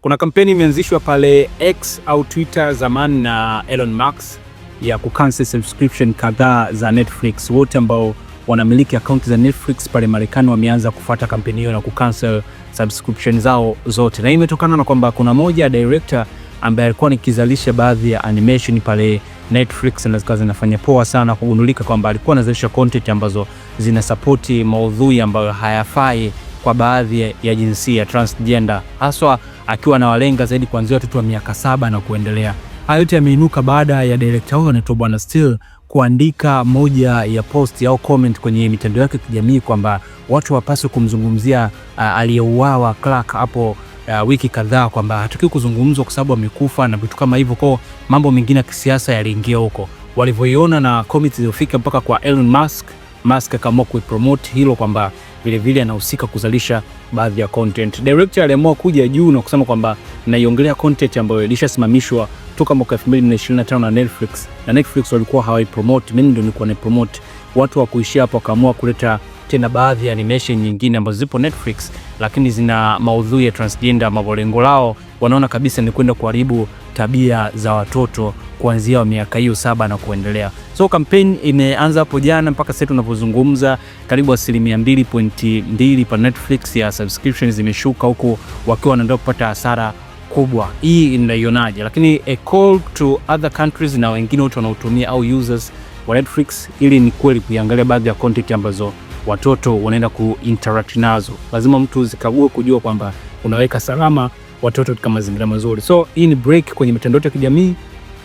Kuna kampeni imeanzishwa pale X au Twitter zamani na Elon Musk ya kucancel subscription kadhaa za Netflix. Wote ambao wanamiliki akaunti za Netflix pale Marekani wameanza kufuata kampeni hiyo na kukansel subscription zao zote, na imetokana na kwamba kuna moja ya director ambaye alikuwa nikizalisha baadhi ya animation pale Netflix na zikawa zinafanya poa sana, kugundulika kwamba alikuwa anazalisha content ambazo zinasapoti maudhui ambayo hayafai kwa baadhi ya jinsia transgender haswa akiwa anawalenga zaidi kuanzia watoto wa miaka saba na kuendelea. Hayo yote yameinuka baada ya direkta huyo anaitwa Bwana Still kuandika moja ya post au comment kwenye mitandao yake ya kijamii kwamba watu wapaswe kumzungumzia uh, aliyeuawa Clark hapo uh, wiki kadhaa kwamba hataki kuzungumzwa kwa sababu amekufa na vitu kama hivyo, Kwao mambo mengine ya kisiasa yaliingia huko walivyoiona na comments iliyofika mpaka kwa Elon Musk. Musk akaamua kuipromote hilo kwamba vilevile anahusika kuzalisha baadhi ya content. Director aliamua kuja juu na kusema kwamba naiongelea content ambayo ilishasimamishwa toka mwaka 2025 na Netflix, na Netflix walikuwa hawaipromote, mimi ndio nilikuwa naipromote. Watu wa kuishia hapo wakaamua kuleta tena baadhi ya animation nyingine ambazo zipo Netflix, lakini zina maudhui ya transgender ambapo lengo lao wanaona kabisa ni kwenda kuharibu tabia za watoto kuanzia wa miaka hiyo saba na kuendelea. So kampeni imeanza hapo jana mpaka sasa tunapozungumza, karibu asilimia mbili pa Netflix ya subscriptions zimeshuka, huku wakiwa wanaendelea kupata hasara kubwa. Hii inaionaje? Lakini a call to other countries na wengine wote wanaotumia au users wa Netflix, ili ni kweli kuiangalia baadhi ya content ambazo watoto unaenda kuinteract nazo, lazima mtu zikague kujua kwamba unaweka salama watoto katika mazingira mazuri. So hii ni break kwenye mitandao ya kijamii,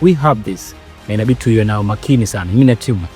we have this na inabidi tuiwe nao makini sana, mimi na timu